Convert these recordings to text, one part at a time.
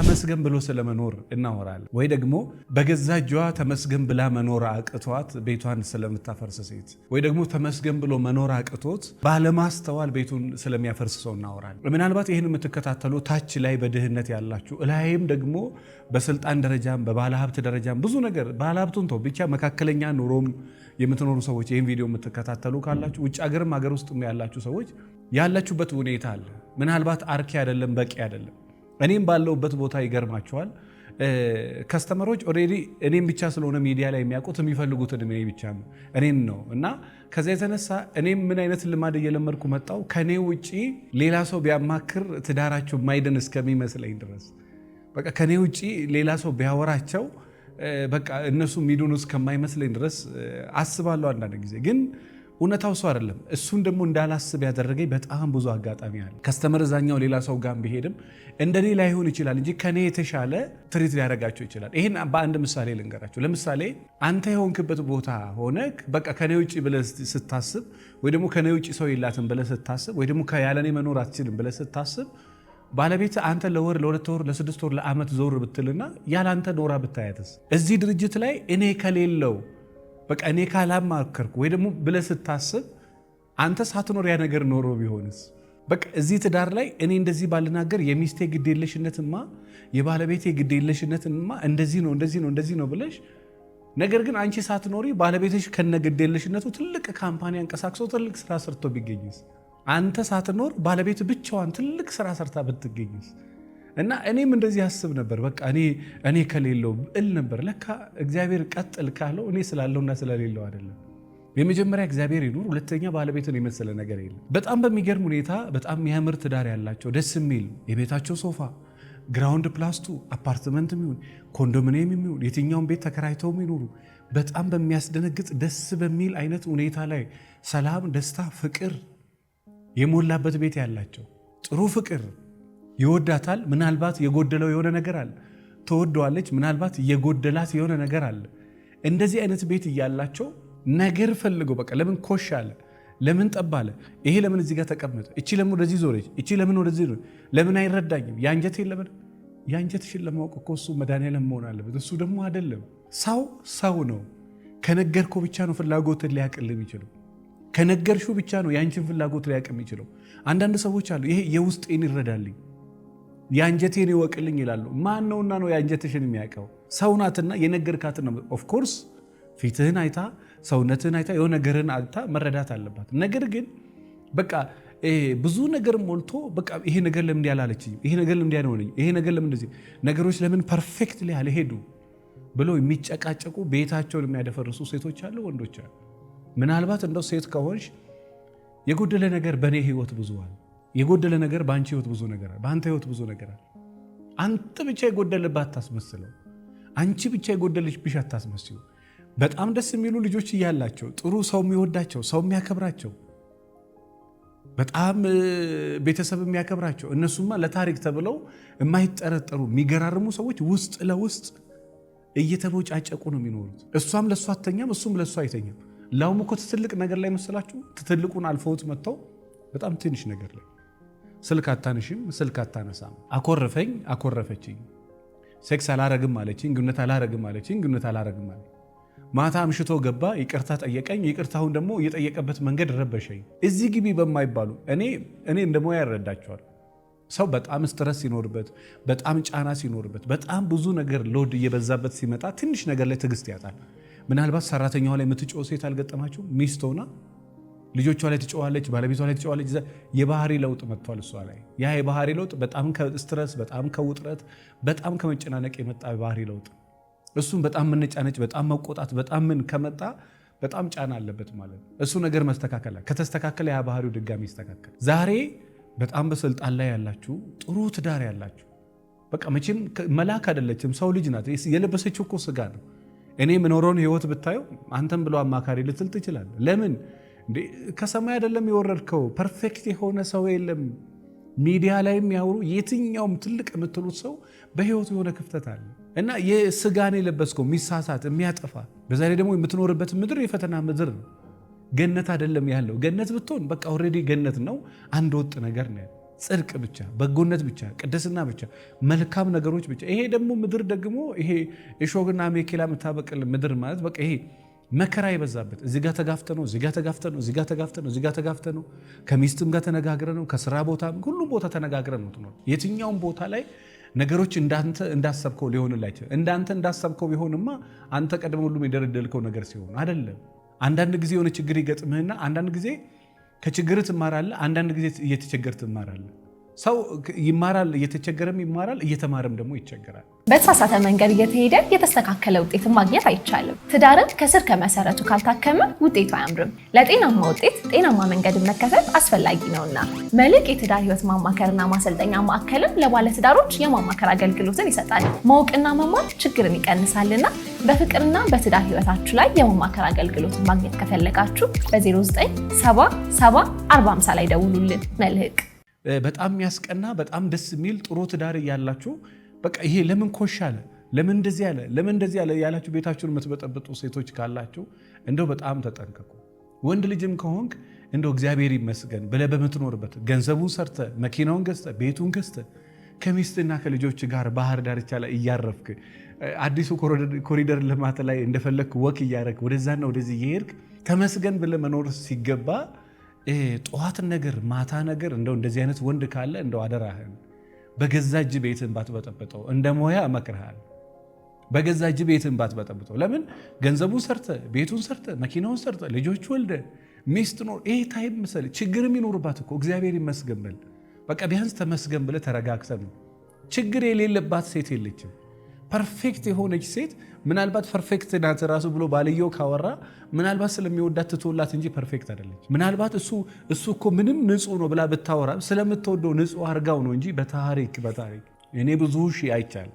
ተመስገን ብሎ ስለመኖር እናወራለን። ወይ ደግሞ በገዛ እጇ ተመስገን ብላ መኖር አቅቷት ቤቷን ስለምታፈርስ ሴት፣ ወይ ደግሞ ተመስገን ብሎ መኖር አቅቶት ባለማስተዋል ቤቱን ስለሚያፈርስ ሰው እናወራለን። ምናልባት ይህን የምትከታተሉ ታች ላይ በድህነት ያላችሁ፣ እላይም ደግሞ በስልጣን ደረጃም በባለሀብት ደረጃም ብዙ ነገር ባለሀብቱን ተው ብቻ መካከለኛ ኑሮም የምትኖሩ ሰዎች ይህን ቪዲዮ የምትከታተሉ ካላችሁ ውጭ ሀገርም ሀገር ውስጥ ያላችሁ ሰዎች ያላችሁበት ሁኔታ አለ። ምናልባት አርኪ አይደለም፣ በቂ አይደለም እኔም ባለውበት ቦታ ይገርማቸዋል። ከስተመሮች ኦልሬዲ እኔም ብቻ ስለሆነ ሚዲያ ላይ የሚያውቁት የሚፈልጉትን እኔ ብቻ ነው እኔን ነው እና ከዚያ የተነሳ እኔም ምን አይነት ልማድ እየለመድኩ መጣው ከእኔ ውጭ ሌላ ሰው ቢያማክር ትዳራቸው ማይድን እስከሚመስለኝ ድረስ በቃ ከእኔ ውጭ ሌላ ሰው ቢያወራቸው በቃ እነሱ ሚዱን እስከማይመስለኝ ድረስ አስባለሁ። አንዳንድ ጊዜ ግን እውነታው እሱ አይደለም። እሱን ደግሞ እንዳላስብ ያደረገኝ በጣም ብዙ አጋጣሚ አለ። ከስተመር እዛኛው ሌላ ሰው ጋር ቢሄድም እንደኔ ላይሆን ይችላል እንጂ ከኔ የተሻለ ትሪት ሊያደርጋቸው ይችላል። ይህን በአንድ ምሳሌ ልንገራቸው። ለምሳሌ አንተ የሆንክበት ቦታ ሆነ በቃ ከኔ ውጭ ብለህ ስታስብ፣ ወይ ደግሞ ከኔ ውጭ ሰው የላትም ብለህ ስታስብ፣ ወይ ደግሞ ያለኔ መኖር አትችልም ብለህ ስታስብ ባለቤት አንተ ለወር ለሁለት ወር ለስድስት ወር ለአመት ዞር ብትልና ያለ አንተ ኖራ ብታያትስ እዚህ ድርጅት ላይ እኔ ከሌለው በቃ እኔ ካላማከርኩ ወይ ደግሞ ብለህ ስታስብ አንተ ሳትኖር ያ ነገር ኖሮ ቢሆንስ? በቃ እዚህ ትዳር ላይ እኔ እንደዚህ ባልናገር የሚስቴ ግዴለሽነትማ የባለቤቴ ግዴለሽነትማ እንደዚህ ነው እንደዚህ ነው እንደዚህ ነው ብለሽ ነገር ግን አንቺ ሳትኖሪ ባለቤትሽ ከነ ግዴለሽነቱ ትልቅ ካምፓኒ አንቀሳቅሶ ትልቅ ስራ ሰርቶ ቢገኝስ? አንተ ሳትኖር ባለቤት ብቻዋን ትልቅ ስራ ሰርታ ብትገኝስ? እና እኔም እንደዚህ አስብ ነበር። በቃ እኔ እኔ ከሌለው እል ነበር። ለካ እግዚአብሔር ቀጥል ካለው እኔ ስላለውና ስለሌለው አይደለም። የመጀመሪያ እግዚአብሔር ይኑር፣ ሁለተኛ ባለቤትን የመሰለ ነገር የለም። በጣም በሚገርም ሁኔታ በጣም የሚያምር ትዳር ያላቸው ደስ የሚል የቤታቸው ሶፋ ግራውንድ ፕላስቱ አፓርትመንት የሚሆን ኮንዶሚኒየም የሚሆን የትኛውን ቤት ተከራይተው የሚኖሩ በጣም በሚያስደነግጥ ደስ በሚል አይነት ሁኔታ ላይ ሰላም፣ ደስታ፣ ፍቅር የሞላበት ቤት ያላቸው ጥሩ ፍቅር ይወዳታል። ምናልባት የጎደለው የሆነ ነገር አለ። ትወደዋለች። ምናልባት የጎደላት የሆነ ነገር አለ። እንደዚህ አይነት ቤት እያላቸው ነገር ፈልገው በቃ ለምን ኮሽ አለ፣ ለምን ጠብ አለ፣ ይሄ ለምን እዚህ ጋር ተቀመጠ፣ እቺ ለምን ወደዚህ ዞረች፣ እቺ ለምን ወደዚህ ዞረች፣ ለምን አይረዳኝም፣ የአንጀት የለምን የአንጀትሽን ለማወቅ እኮ እሱ መድኃኒዓለም መሆን አለበት። እሱ ደግሞ አይደለም። ሰው ሰው ነው። ከነገርኮ ብቻ ነው ፍላጎትን ሊያቅል የሚችለው። ከነገርሹ ብቻ ነው የአንችን ፍላጎት ሊያቅ የሚችለው። አንዳንድ ሰዎች አሉ ይሄ የውስጤን ይረዳልኝ የአንጀቴን ይወቅልኝ ይላሉ። ማን ነውና ነው የአንጀትሽን የሚያውቀው? ሰውናትና ናትና የነገርካትን ነው። ኦፍኮርስ ፊትህን አይታ ሰውነትህን አይታ የሆነ ነገርህን አይታ መረዳት አለባት። ነገር ግን በቃ ብዙ ነገር ሞልቶ በቃ ይሄ ነገር ለምን ያላለች፣ ይሄ ነገር ለምን ያልሆነኝ፣ ይሄ ነገር ለምን እንደዚህ ነገሮች ለምን ፐርፌክት ላይ ሄዱ ብሎ የሚጨቃጨቁ ቤታቸውን የሚያደፈርሱ ሴቶች አሉ፣ ወንዶች አሉ። ምናልባት እንደው ሴት ከሆንሽ የጎደለ ነገር በእኔ ህይወት ብዙዋል የጎደለ ነገር በአንቺ ህይወት ብዙ ነገር አለ። በአንተ ህይወት ብዙ ነገር አለ። አንተ ብቻ የጎደለብህ አታስመስለው። አንቺ ብቻ የጎደለች ብሽ በጣም ደስ የሚሉ ልጆች እያላቸው ጥሩ ሰው የሚወዳቸው ሰው የሚያከብራቸው በጣም ቤተሰብ የሚያከብራቸው እነሱማ ለታሪክ ተብለው የማይጠረጠሩ የሚገራርሙ ሰዎች ውስጥ ለውስጥ እየተቦጫጨቁ ነው የሚኖሩት። እሷም ለእሱ አተኛም፣ እሱም ለእሱ አይተኛም። ላውም እኮ ትትልቅ ነገር ላይ መሰላችሁ ትትልቁን አልፈውት መጥተው በጣም ትንሽ ነገር ላይ ስልክ አታነሽም፣ ስልክ አታነሳም። አኮረፈኝ፣ አኮረፈችኝ። ሴክስ አላረግም አለችኝ፣ ግንኙነት አላረግም አለችኝ፣ ግንኙነት አላረግም አለ። ማታ አምሽቶ ገባ፣ ይቅርታ ጠየቀኝ። ይቅርታሁን ደግሞ እየጠየቀበት መንገድ ረበሸኝ። እዚህ ግቢ በማይባሉ እኔ እኔ እንደ ያረዳቸዋል። ሰው በጣም ስትረስ ሲኖርበት፣ በጣም ጫና ሲኖርበት፣ በጣም ብዙ ነገር ሎድ እየበዛበት ሲመጣ ትንሽ ነገር ላይ ትዕግስት ያጣል። ምናልባት ሰራተኛዋ ላይ የምትጮ ሴት አልገጠማቸው ሚስት ሆና ልጆቿ ላይ ትጨዋለች፣ ባለቤቷ ላይ ትጨዋለች። የባህሪ ለውጥ መጥቷል እሷ ላይ። ያ የባህሪ ለውጥ በጣም ከስትረስ በጣም ከውጥረት በጣም ከመጨናነቅ የመጣ የባህሪ ለውጥ፣ እሱም በጣም መነጫነጭ፣ በጣም መቆጣት፣ በጣም ምን ከመጣ በጣም ጫና አለበት ማለት ነው። እሱ ነገር መስተካከል ከተስተካከለ ያ ባህሪው ድጋሚ ይስተካከል። ዛሬ በጣም በስልጣን ላይ ያላችሁ ጥሩ ትዳር ያላችሁ በቃ መቼም መላክ አይደለችም፣ ሰው ልጅ ናት። የለበሰችው እኮ ስጋ ነው። እኔ የምኖረውን ህይወት ብታየው አንተም ብሎ አማካሪ ልትል ትችላለህ። ለምን ከሰማይ አይደለም የወረድከው፣ ፐርፌክት የሆነ ሰው የለም። ሚዲያ ላይ የሚያወሩ የትኛውም ትልቅ የምትሉት ሰው በህይወቱ የሆነ ክፍተት አለ እና የስጋን የለበስከው የሚሳሳት የሚያጠፋ፣ በዛ ላይ ደግሞ የምትኖርበት ምድር የፈተና ምድር ነው። ገነት አይደለም ያለው። ገነት ብትሆን በቃ ኦልሬዲ ገነት ነው። አንድ ወጥ ነገር ነው። ጽድቅ ብቻ፣ በጎነት ብቻ፣ ቅድስና ብቻ፣ መልካም ነገሮች ብቻ። ይሄ ደግሞ ምድር ደግሞ ይሄ እሾህና አሜኬላ የምታበቅል ምድር ማለት በቃ ይሄ መከራ የበዛበት እዚ ጋ ተጋፍተ ነው፣ እዚጋ ተጋፍተ ነው፣ እዚጋ ተጋፍተ ነው፣ እዚጋ ተጋፍተ ነው። ከሚስትም ጋር ተነጋግረ ነው፣ ከስራ ቦታ ሁሉም ቦታ ተነጋግረ ነው ትኖር። የትኛውም ቦታ ላይ ነገሮች እንዳንተ እንዳሰብከው ሊሆንላቸው እንዳንተ እንዳሰብከው ቢሆንማ አንተ ቀድሞ ሁሉም የደረደልከው ነገር ሲሆን አይደለም። አንዳንድ ጊዜ የሆነ ችግር ይገጥምህና አንዳንድ ጊዜ ከችግር ትማራለህ፣ አንዳንድ ጊዜ እየተቸገር ትማራለህ። ሰው ይማራል፣ እየተቸገረም ይማራል፣ እየተማረም ደግሞ ይቸገራል። በተሳሳተ መንገድ እየተሄደ የተስተካከለ ውጤትን ማግኘት አይቻልም። ትዳርን ከስር ከመሰረቱ ካልታከመ ውጤቱ አያምርም። ለጤናማ ውጤት ጤናማ መንገድን መከተል አስፈላጊ ነውና መልሕቅ የትዳር ህይወት ማማከርና ማሰልጠኛ ማዕከልም ለባለትዳሮች የማማከር አገልግሎትን ይሰጣል። ማወቅና መማር ችግርን ይቀንሳልና በፍቅርና በትዳር ህይወታችሁ ላይ የማማከር አገልግሎትን ማግኘት ከፈለጋችሁ በ0977 ላይ ደውሉልን። መልሕቅ በጣም የሚያስቀና በጣም ደስ የሚል ጥሩ ትዳር እያላችሁ በቃ ይሄ ለምን ኮሽ አለ፣ ለምን እንደዚህ አለ፣ ለምን እንደዚህ አለ ያላችሁ ቤታችሁን የምትበጠብጡ ሴቶች ካላችሁ እንደው በጣም ተጠንቀቁ። ወንድ ልጅም ከሆንክ እንደው እግዚአብሔር ይመስገን ብለህ በምትኖርበት ገንዘቡን ሰርተ መኪናውን ገዝተ ቤቱን ገዝተ ከሚስትና ከልጆች ጋር ባህር ዳርቻ ላይ እያረፍክ አዲሱ ኮሪደር ልማት ላይ እንደፈለግክ ወክ እያረግ ወደዛና ወደዚህ እየሄድክ ተመስገን ብለህ መኖር ሲገባ ጠዋት ነገር ማታ ነገር እንደው እንደዚህ አይነት ወንድ ካለ እንደው አደራህን በገዛ እጅ ቤትን ባትበጠብጠው፣ እንደ ሞያ መክርሃል። በገዛ እጅ ቤትን ባትበጠብጠው። ለምን ገንዘቡን ሰርተ፣ ቤቱን ሰርተ፣ መኪናውን ሰርተ፣ ልጆች ወልደ፣ ሚስት ኖር፣ ይሄ ታይም ምሰል ችግርም ይኖርባት እኮ እግዚአብሔር ይመስገን በል በቃ ቢያንስ ተመስገን ብለ ተረጋግተ ነው። ችግር የሌለባት ሴት የለችም። ፐርፌክት የሆነች ሴት ምናልባት ፐርፌክት ናት ራሱ ብሎ ባልየው ካወራ ምናልባት ስለሚወዳት ትቶላት እንጂ ፐርፌክት አይደለች። ምናልባት እሱ እሱ እኮ ምንም ንጹህ ነው ብላ ብታወራ ስለምትወደው ንጹህ አርጋው ነው እንጂ በታሪክ በታሪክ እኔ ብዙ ሺ አይቻል፣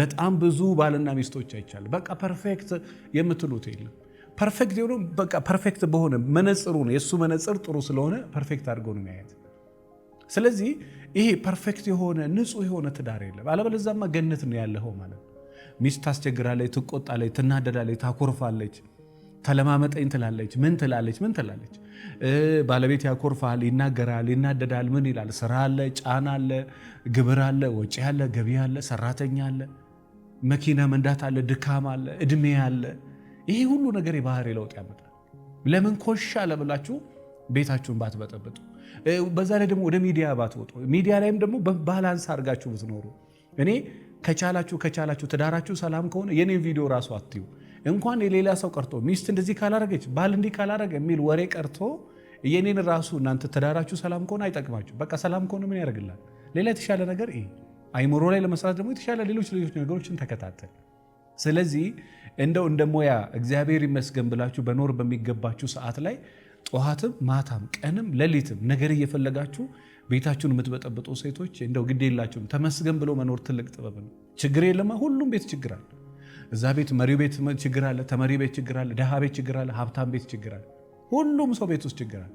በጣም ብዙ ባልና ሚስቶች አይቻል። በቃ ፐርፌክት የምትሉት የለም። ፐርፌክት የሆነ በቃ ፐርፌክት በሆነ መነጽሩ ነው የእሱ መነጽር ጥሩ ስለሆነ ፐርፌክት አድርገው ነው የሚያየት ስለዚህ ይሄ ፐርፌክት የሆነ ንጹህ የሆነ ትዳር የለም። አለበለዛማ ገነት ነው ያለኸው ማለት ነው። ሚስት ታስቸግራለች፣ ትቆጣለች፣ ትናደዳለች፣ ታኮርፋለች፣ ተለማመጠኝ ትላለች፣ ምን ትላለች፣ ምን ትላለች። ባለቤት ያኮርፋል፣ ይናገራል፣ ይናደዳል፣ ምን ይላል። ስራ አለ፣ ጫና አለ፣ ግብር አለ፣ ወጪ አለ፣ ገቢ አለ፣ ሰራተኛ አለ፣ መኪና መንዳት አለ፣ ድካም አለ፣ እድሜ አለ። ይሄ ሁሉ ነገር የባህሪ ለውጥ ያመጣል። ለምን ኮሻ ለብላችሁ ቤታችሁን ባትበጠብጡ በዛ ላይ ደግሞ ወደ ሚዲያ ባትወጡ፣ ሚዲያ ላይም ደግሞ በባላንስ አድርጋችሁ ብትኖሩ። እኔ ከቻላችሁ ከቻላችሁ ትዳራችሁ ሰላም ከሆነ የኔ ቪዲዮ ራሱ አትዩ። እንኳን የሌላ ሰው ቀርቶ ሚስት እንደዚህ ካላረገች፣ ባል እንዲህ ካላረገ የሚል ወሬ ቀርቶ የኔን ራሱ እናንተ ትዳራችሁ ሰላም ከሆነ አይጠቅማችሁ። በቃ ሰላም ከሆነ ምን ያደርግላል? ሌላ የተሻለ ነገር አይምሮ ላይ ለመስራት ደግሞ የተሻለ ሌሎች ሌሎች ነገሮችን ተከታተል። ስለዚህ እንደው እንደ ሙያ እግዚአብሔር ይመስገን ብላችሁ በኖር በሚገባችሁ ሰዓት ላይ ጠዋትም ማታም ቀንም ሌሊትም ነገር እየፈለጋችሁ ቤታችሁን የምትበጠብጡ ሴቶች እንደው ግድ የላችሁም። ተመስገን ብሎ መኖር ትልቅ ጥበብ ነው። ችግር የለማ። ሁሉም ቤት ችግር አለ። እዛ ቤት መሪው ቤት ችግር አለ፣ ተመሪ ቤት ችግር አለ፣ ደሃ ቤት ችግር አለ፣ ሀብታም ቤት ችግር አለ። ሁሉም ሰው ቤት ውስጥ ችግር አለ።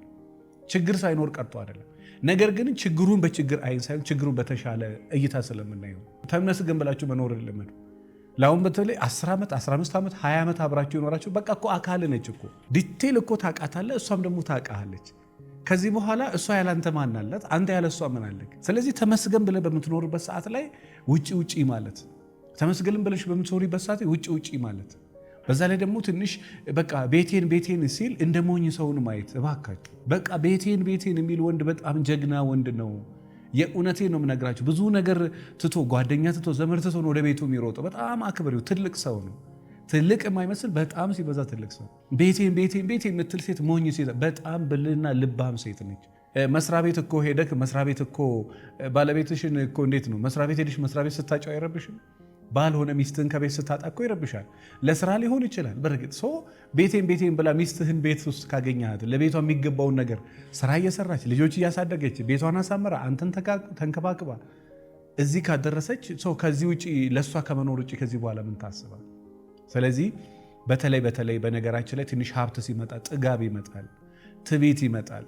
ችግር ሳይኖር ቀርቶ አይደለም። ነገር ግን ችግሩን በችግር አይን ሳይሆን ችግሩን በተሻለ እይታ ስለምናየው ተመስገን ብላችሁ መኖር ልመዱ። ለአሁን በተለይ 10 ዓመት 15 ዓመት 20 ዓመት አብራችሁ ይኖራችሁ በቃ እኮ አካል ነች እኮ ዲቴል እኮ ታውቃታለህ፣ እሷም ደግሞ ታውቃሃለች። ከዚህ በኋላ እሷ ያላንተ ማናላት፣ አንተ ያለ እሷ ምናለክ። ስለዚህ ተመስገን ብለህ በምትኖርበት ሰዓት ላይ ውጪ ውጪ ማለት ተመስገን ብለሽ በምትኖሪበት ሰዓት ውጪ ውጪ ማለት በዛ ላይ ደግሞ ትንሽ በቃ ቤቴን ቤቴን ሲል እንደ ሞኝ ሰውን ማየት እባካችሁ። በቃ ቤቴን ቤቴን የሚል ወንድ በጣም ጀግና ወንድ ነው። የእውነቴ ነው የምነግራቸው ብዙ ነገር ትቶ ጓደኛ ትቶ ዘመድ ትቶ ወደ ቤቱ የሚሮጠው በጣም አክብሬው ትልቅ ሰው ነው። ትልቅ የማይመስል በጣም ሲበዛ ትልቅ ሰው። ቤቴን ቤቴን ቤቴ የምትል ሴት ሞኝ ሴት፣ በጣም ብልህና ልባም ሴት ነች። መስሪያ ቤት እኮ ሄደክ መስሪያ ቤት እኮ ባለቤትሽን እኮ እንዴት ነው መስሪያ ቤት ሄደሽ መስሪያ ቤት ስታጫው አይረብሽም? ባልሆነ ሚስትህን ከቤት ስታጣ እኮ ይረብሻል። ለስራ ሊሆን ይችላል። በእርግጥ ሶ ቤቴን ቤቴን ብላ ሚስትህን ቤት ውስጥ ካገኛት ለቤቷ የሚገባውን ነገር ስራ እየሰራች ልጆች እያሳደገች ቤቷን አሳምራ አንተን ተንከባክባ እዚህ ካደረሰች ሰው ከዚህ ውጭ ለእሷ ከመኖር ውጭ ከዚህ በኋላ ምን ታስባል? ስለዚህ በተለይ በተለይ በነገራችን ላይ ትንሽ ሀብት ሲመጣ ጥጋብ ይመጣል፣ ትቢት ይመጣል።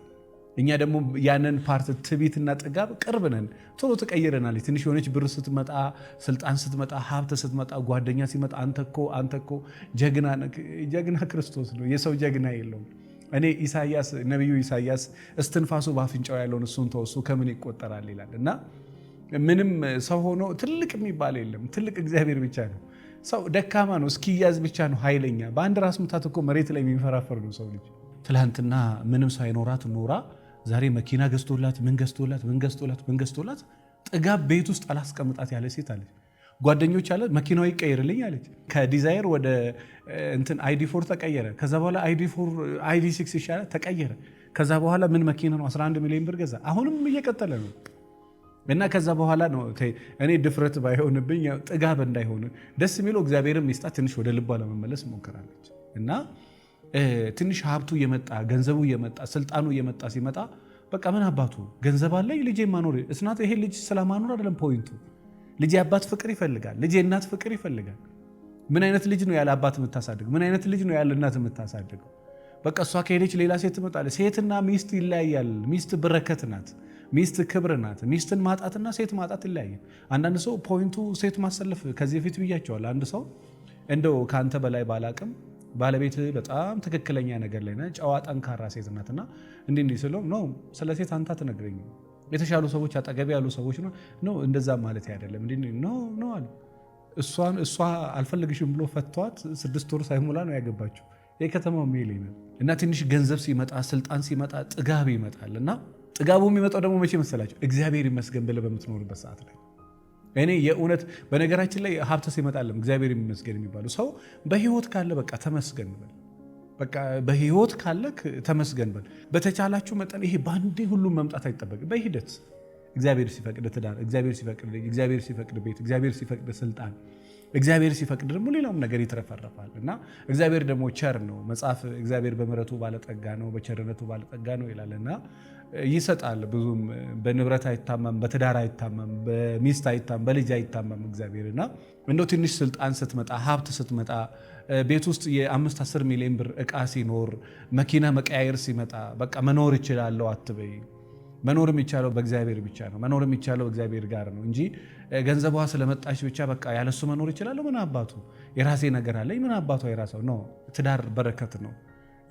እኛ ደግሞ ያንን ፓርት ትቢትና ጥጋብ ቅርብ ነን። ቶሎ ተቀይረናል። ትንሽ የሆነች ብር ስትመጣ፣ ስልጣን ስትመጣ፣ ሀብት ስትመጣ፣ ጓደኛ ሲመጣ አንተኮ አንተኮ ጀግና ጀግና ክርስቶስ ነው። የሰው ጀግና የለውም። እኔ ኢሳያስ ነቢዩ ኢሳያስ እስትንፋሱ በአፍንጫው ያለውን እሱን ተወሱ ከምን ይቆጠራል ይላል እና ምንም ሰው ሆኖ ትልቅ የሚባል የለም። ትልቅ እግዚአብሔር ብቻ ነው። ሰው ደካማ ነው፣ እስኪያዝ ብቻ ነው ኃይለኛ። በአንድ ራስ ምታት እኮ መሬት ላይ የሚንፈራፈር ነው ሰው ልጅ። ትላንትና ምንም ሳይኖራት ኖራ ዛሬ መኪና ገዝቶላት ምን ገዝቶላት ምን ገዝቶላት ምን ገዝቶላት ጥጋብ ቤት ውስጥ አላስቀምጣት ያለ ሴት አለች። ጓደኞች አለ መኪናው ይቀየርልኝ አለች። ከዲዛይር ወደ እንትን አይዲ ፎር ተቀየረ። ከዛ በኋላ አይዲ ፎር አይዲ ሲክስ ይሻላል ተቀየረ። ከዛ በኋላ ምን መኪና ነው 11 ሚሊዮን ብር ገዛ። አሁንም እየቀጠለ ነው እና ከዛ በኋላ ነው እኔ ድፍረት ባይሆንብኝ ጥጋብ እንዳይሆን ደስ የሚለው እግዚአብሔርም ይስጣት ትንሽ ወደ ልቧ ለመመለስ ሞክራለች እና ትንሽ ሀብቱ የመጣ ገንዘቡ የመጣ ስልጣኑ የመጣ ሲመጣ በቃ ምን አባቱ ገንዘብ አለኝ ልጄ ማኖር እስናት ይሄ ልጅ ስለማኖር አይደለም ፖይንቱ። ልጅ የአባት ፍቅር ይፈልጋል። ልጅ የእናት ፍቅር ይፈልጋል። ምን አይነት ልጅ ነው ያለ አባት የምታሳድግ? ምን አይነት ልጅ ነው ያለ እናት የምታሳድገው? በቃ እሷ ከሄደች ሌላ ሴት ትመጣለች። ሴትና ሚስት ይለያያል። ሚስት በረከት ናት። ሚስት ክብር ናት። ሚስትን ማጣትና ሴት ማጣት ይለያያል። አንዳንድ ሰው ፖይንቱ ሴት ማሰለፍ ከዚህ በፊት ብያቸዋል። አንድ ሰው እንደው ከአንተ በላይ ባላቅም ባለቤት በጣም ትክክለኛ ነገር ላይ ጨዋ፣ ጠንካራ ሴት ናት እና እንዲህ እንዲህ ስለው ነው ስለ ሴት አንተ አትነግረኝ የተሻሉ ሰዎች አጠገቢ ያሉ ሰዎች ነው እንደዛ ማለት አይደለም እንዲህ ነው ነው አለ። እሷን እሷ አልፈልግሽም ብሎ ፈቷት። ስድስት ወር ሳይሞላ ነው ያገባችው። የከተማው ሜል እና ትንሽ ገንዘብ ሲመጣ ስልጣን ሲመጣ ጥጋብ ይመጣል እና ጥጋቡ የሚመጣው ደግሞ መቼ መሰላቸው? እግዚአብሔር ይመስገን ብለህ በምትኖርበት ሰዓት ላይ እኔ የእውነት በነገራችን ላይ ሀብተ ሲመጣለም እግዚአብሔር የሚመስገን የሚባለው ሰው በህይወት ካለ በቃ ተመስገን በል። በቃ በህይወት ካለ ተመስገን በል። በተቻላችሁ መጠን ይሄ በአንዴ ሁሉም መምጣት አይጠበቅም። በሂደት እግዚአብሔር ሲፈቅድ ትዳር፣ እግዚአብሔር ሲፈቅድ ልጅ፣ እግዚአብሔር ሲፈቅድ ቤት፣ እግዚአብሔር ሲፈቅድ ስልጣን፣ እግዚአብሔር ሲፈቅድ ደግሞ ሌላውም ነገር ይትረፈረፋል እና እግዚአብሔር ደግሞ ቸር ነው። መጽሐፍ እግዚአብሔር በምሕረቱ ባለጠጋ ነው፣ በቸርነቱ ባለጠጋ ነው ይላል እና ይሰጣል። ብዙም በንብረት አይታመም፣ በትዳር አይታመም፣ በሚስት አይታመም፣ በልጅ አይታመም እግዚአብሔር እግዚአብሔርና እንደው ትንሽ ስልጣን ስትመጣ ሀብት ስትመጣ ቤት ውስጥ የአምስት አስር ሚሊዮን ብር እቃ ሲኖር መኪና መቀያየር ሲመጣ በቃ መኖር ይችላለው አትበይ። መኖር የሚቻለው በእግዚአብሔር ብቻ ነው። መኖር የሚቻለው እግዚአብሔር ጋር ነው እንጂ ገንዘቧ ስለመጣች ብቻ በቃ ያለሱ መኖር ይችላለሁ ምን አባቱ የራሴ ነገር አለኝ ምን አባቷ የራሰው ነው። ትዳር በረከት ነው።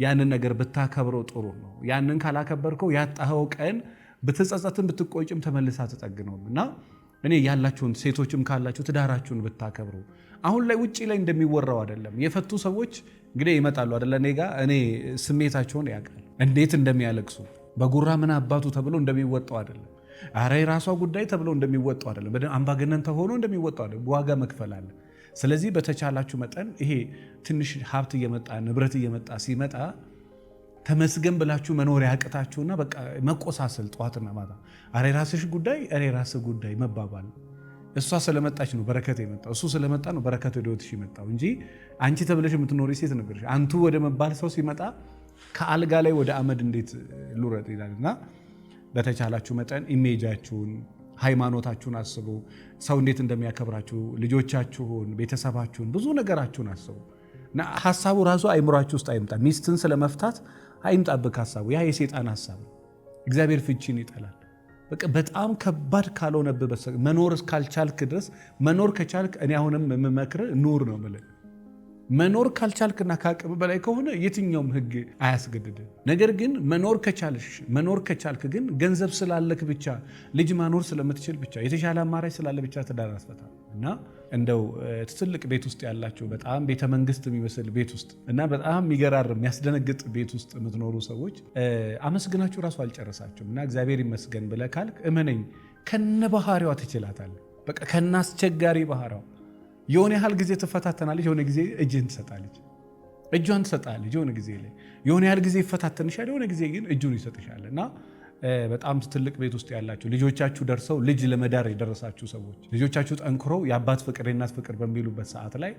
ያንን ነገር ብታከብረው ጥሩ ነው። ያንን ካላከበርከው ያጣኸው ቀን ብትጸጸትም ብትቆጭም ተመልሳ ትጠግነው እና እኔ ያላችሁን ሴቶችም ካላችሁ ትዳራችሁን ብታከብሩ። አሁን ላይ ውጭ ላይ እንደሚወራው አይደለም። የፈቱ ሰዎች እንግዲህ ይመጣሉ አደለ እኔ ጋ እኔ ስሜታቸውን ያውቃል፣ እንዴት እንደሚያለቅሱ በጉራ ምን አባቱ ተብሎ እንደሚወጣው አይደለም። አረ የራሷ ጉዳይ ተብሎ እንደሚወጣው አይደለም። አምባገነን ተሆኖ እንደሚወጣው አይደለም። ዋጋ መክፈል አለ። ስለዚህ በተቻላችሁ መጠን ይሄ ትንሽ ሀብት እየመጣ ንብረት እየመጣ ሲመጣ ተመስገን ብላችሁ መኖር ያቅታችሁና መቆሳሰል ጠዋትና ማታ አሬ ራስሽ ጉዳይ አሬ ጉዳይ መባባል እሷ ስለመጣች ነው በረከት የመጣው እሱ ስለመጣ ነው በረከት ወደ ወትሽ የመጣው እንጂ አንቺ ተብለሽ የምትኖር ሴት ነበርሽ። አንቱ ወደ መባል ሰው ሲመጣ ከአልጋ ላይ ወደ አመድ እንዴት ልውረጥ ይላል እና በተቻላችሁ መጠን ኢሜጃችሁን ሃይማኖታችሁን አስቡ። ሰው እንዴት እንደሚያከብራችሁ፣ ልጆቻችሁን፣ ቤተሰባችሁን፣ ብዙ ነገራችሁን አስቡ። ሀሳቡ ራሱ አይምሯችሁ ውስጥ አይምጣ። ሚስትን ስለመፍታት አይምጣብክ ሀሳቡ። ያ የሴጣን ሀሳብ ነው። እግዚአብሔር ፍቺን ይጠላል። በጣም ከባድ ካልሆነብህ መኖር እስካልቻልክ ድረስ መኖር ከቻልክ እኔ አሁንም የምመክርህ ኑር ነው የምልህ መኖር ካልቻልክና ከአቅም በላይ ከሆነ የትኛውም ህግ አያስገድድም። ነገር ግን መኖር ከቻልሽ መኖር ከቻልክ ግን ገንዘብ ስላለክ ብቻ ልጅ ማኖር ስለምትችል ብቻ የተሻለ አማራጭ ስላለ ብቻ ትዳር አስፈታ እና እንደው ትልቅ ቤት ውስጥ ያላችሁ በጣም ቤተ መንግስት የሚመስል ቤት ውስጥ እና በጣም የሚገራር የሚያስደነግጥ ቤት ውስጥ የምትኖሩ ሰዎች አመስግናችሁ ራሱ አልጨረሳችሁም እና እግዚአብሔር ይመስገን ብለህ ካልክ እመነኝ ከነ ባህሪዋ ትችላታለህ። በቃ ከነ አስቸጋሪ ባህሪዋ የሆነ ያህል ጊዜ ትፈታተናለች፣ የሆነ ጊዜ እጅህን ትሰጣለች። እጇን ትሰጣለች የሆነ ጊዜ ላይ የሆነ ያህል ጊዜ ይፈታተንሻል፣ የሆነ ጊዜ ግን እጁን ይሰጥሻል። እና በጣም ትልቅ ቤት ውስጥ ያላችሁ ልጆቻችሁ ደርሰው ልጅ ለመዳር የደረሳችሁ ሰዎች ልጆቻችሁ ጠንክረው የአባት ፍቅር የእናት ፍቅር በሚሉበት ሰዓት ላይ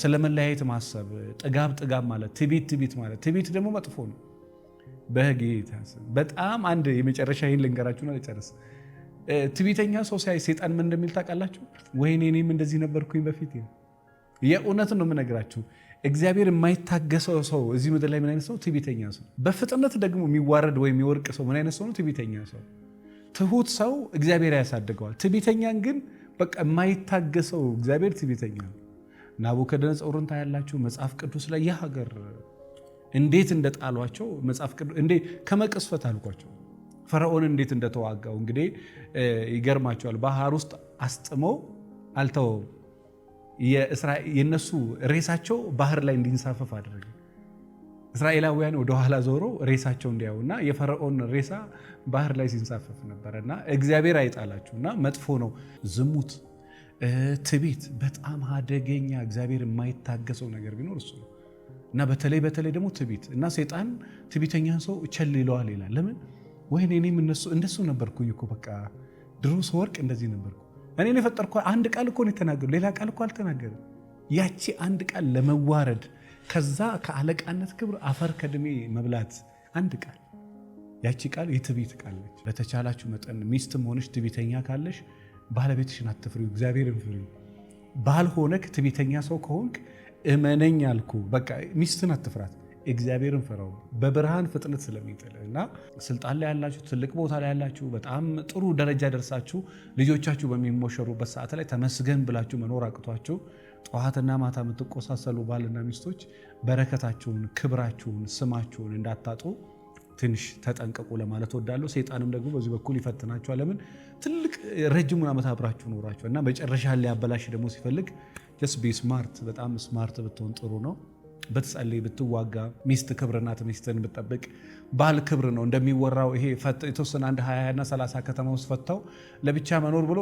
ስለ መለያየት ማሰብ ጥጋብ ጥጋብ ማለት ትቢት ትቢት ማለት ትቢት ደግሞ መጥፎ ነው። በጌታ ስም በጣም አንድ የመጨረሻ ይህን ልንገራችሁና ልጨርስ ትቢተኛ ሰው ሲያይ ሴጣን ምን እንደሚል ታውቃላችሁ? ወይኔ እኔም እንደዚህ ነበርኩኝ በፊት። የእውነት ነው የምነግራችሁ። እግዚአብሔር የማይታገሰው ሰው እዚህ ምድር ላይ ምን አይነት ሰው? ትቢተኛ ሰው። በፍጥነት ደግሞ የሚዋረድ ወይም የሚወርቅ ሰው ምን አይነት ሰው ነው? ትቢተኛ ሰው። ትሁት ሰው እግዚአብሔር ያሳድገዋል። ትቢተኛን ግን በቃ የማይታገሰው እግዚአብሔር ትቢተኛ ነው። ናቡከደነፆርን ታያላችሁ መጽሐፍ ቅዱስ ላይ ሀገር እንዴት እንደጣሏቸው መጽሐፍ ቅዱስ ከመቅስፈት አልኳቸው ፈርዖን እንዴት እንደተዋጋው እንግዲህ ይገርማቸዋል። ባህር ውስጥ አስጥሞ አልተወውም። የእነሱ ሬሳቸው ባህር ላይ እንዲንሳፈፍ አደረገ። እስራኤላውያን ወደኋላ ዞሮ ሬሳቸው እንዲያዩ እና የፈርዖን ሬሳ ባህር ላይ ሲንሳፈፍ ነበረ እና እግዚአብሔር አይጣላችሁ እና መጥፎ ነው። ዝሙት፣ ትቤት በጣም አደገኛ እግዚአብሔር የማይታገሰው ነገር ቢኖር እሱ ነው እና በተለይ በተለይ ደግሞ ትቤት እና ሴጣን ትዕቢተኛን ሰው ቸል ይለዋል ይላል ለምን ወይኔ እኔም እነሱ እንደሱ ነበርኩ እኮ በቃ ድሮ ስወርቅ እንደዚህ ነበርኩ። እኔን የፈጠርኩ አንድ ቃል እኮ ነው የተናገሩ፣ ሌላ ቃል እኮ አልተናገርም። ያቺ አንድ ቃል ለመዋረድ ከዛ ከአለቃነት ክብር አፈር ከድሜ መብላት አንድ ቃል ያቺ ቃል የትዕቢት ቃል ነች። በተቻላችሁ መጠን ሚስትም ሆነች ትዕቢተኛ ካለሽ ባለቤትሽን አትፍሪው፣ እግዚአብሔርን ፍሪው። ባል ሆነክ ትዕቢተኛ ሰው ከሆንክ እመነኝ አልኩ በቃ ሚስትን አትፍራት። እግዚአብሔርን ፈራው በብርሃን ፍጥነት ስለሚጥል እና ስልጣን ላይ ያላችሁ ትልቅ ቦታ ላይ ያላችሁ በጣም ጥሩ ደረጃ ደርሳችሁ ልጆቻችሁ በሚሞሸሩበት ሰዓት ላይ ተመስገን ብላችሁ መኖር አቅቷችሁ ጠዋትና ማታ የምትቆሳሰሉ ባልና ሚስቶች በረከታችሁን፣ ክብራችሁን፣ ስማችሁን እንዳታጡ ትንሽ ተጠንቀቁ ለማለት ወዳለሁ። ሰይጣንም ደግሞ በዚህ በኩል ይፈትናቸዋል። ለምን ትልቅ ረጅሙን ዓመት አብራችሁ ኖራችሁ እና መጨረሻ ሊያበላሽ ደግሞ ሲፈልግ ጀስት ቢ ስማርት፣ በጣም ስማርት ብትሆን ጥሩ ነው። ብትጸልይ ብትዋጋ ሚስት ክብርና ናት። ሚስትን ብትጠብቅ ባል ክብር ነው። እንደሚወራው ይሄ የተወሰነ አንድ ሀያ ሰላሳ ከተማ ውስጥ ፈተው ለብቻ መኖር ብሎ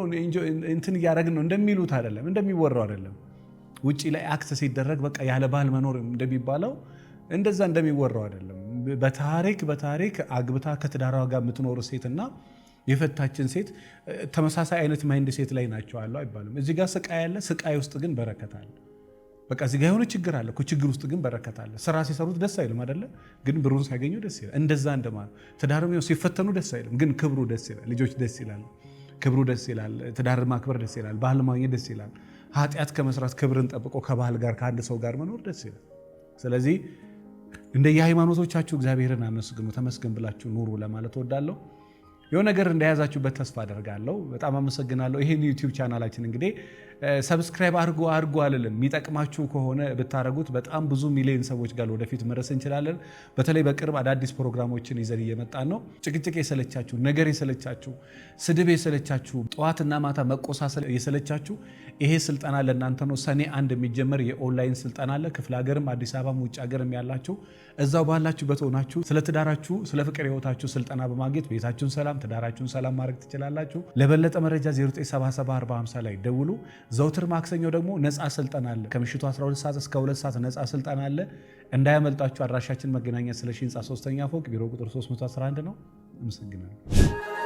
እንትን እያደረግን ነው እንደሚሉት አይደለም፣ እንደሚወራው አይደለም። ውጭ ላይ አክት ሲደረግ በቃ ያለ ባል መኖር እንደሚባለው እንደዛ እንደሚወራው አይደለም። በታሪክ በታሪክ አግብታ ከትዳራ ጋር የምትኖር ሴትና የፈታችን ሴት ተመሳሳይ አይነት ማይንድ ሴት ላይ ናቸው አለው አይባልም። እዚህ ጋር ስቃይ አለ። ስቃይ ውስጥ ግን በረከት አለ። በቃ እዚህ የሆነ ችግር አለ። ችግር ውስጥ ግን በረከት አለ። ስራ ሲሰሩት ደስ አይልም አይደለ? ግን ብሩን ሲያገኙ ደስ ይላል። እንደዛ እንደማ ትዳርም ሲፈተኑ ደስ አይልም፣ ግን ክብሩ ደስ ይላል። ልጆች ደስ ይላል፣ ክብሩ ደስ ይላል። ትዳር ማክበር ደስ ይላል፣ ባህል ማግኘት ደስ ይላል። ኃጢአት ከመስራት ክብርን ጠብቆ ከባህል ጋር ከአንድ ሰው ጋር መኖር ደስ ይላል። ስለዚህ እንደ የሃይማኖቶቻችሁ እግዚአብሔርን አመስግኑ ተመስገን ብላችሁ ኑሩ ለማለት እወዳለሁ። የሆነ ነገር እንደያዛችሁበት ተስፋ አደርጋለሁ። በጣም አመሰግናለሁ። ይህን ዩቲዩብ ቻናላችን እንግዲህ ሰብስክራይብ አድርጎ አድርጎ አልልም። የሚጠቅማችሁ ከሆነ ብታደረጉት በጣም ብዙ ሚሊዮን ሰዎች ጋር ወደፊት መድረስ እንችላለን። በተለይ በቅርብ አዳዲስ ፕሮግራሞችን ይዘን እየመጣን ነው። ጭቅጭቅ የሰለቻችሁ፣ ነገር የሰለቻችሁ፣ ስድብ የሰለቻችሁ፣ ጠዋትና ማታ መቆሳሰል የሰለቻችሁ ይሄ ስልጠና ለእናንተ ነው። ሰኔ አንድ የሚጀመር የኦንላይን ስልጠና አለ። ክፍለ ሀገርም አዲስ አበባም ውጭ ሀገርም ያላችሁ እዛው ባላችሁበት ሆናችሁ ስለ ትዳራችሁ፣ ስለ ፍቅር ህይወታችሁ ስልጠና በማግኘት ቤታችሁን ሰላም፣ ትዳራችሁን ሰላም ማድረግ ትችላላችሁ። ለበለጠ መረጃ 097745 ላይ ደውሉ። ዘውትር ማክሰኞ ደግሞ ነፃ ስልጠና አለ። ከምሽቱ 12 ሰዓት እስከ 2 ሰዓት ነፃ ስልጠና አለ። እንዳያመልጣችሁ። አድራሻችን መገናኛ ስለሺ ህንፃ ሶስተኛ ፎቅ ቢሮ ቁጥር 311 ነው። አመሰግናለሁ።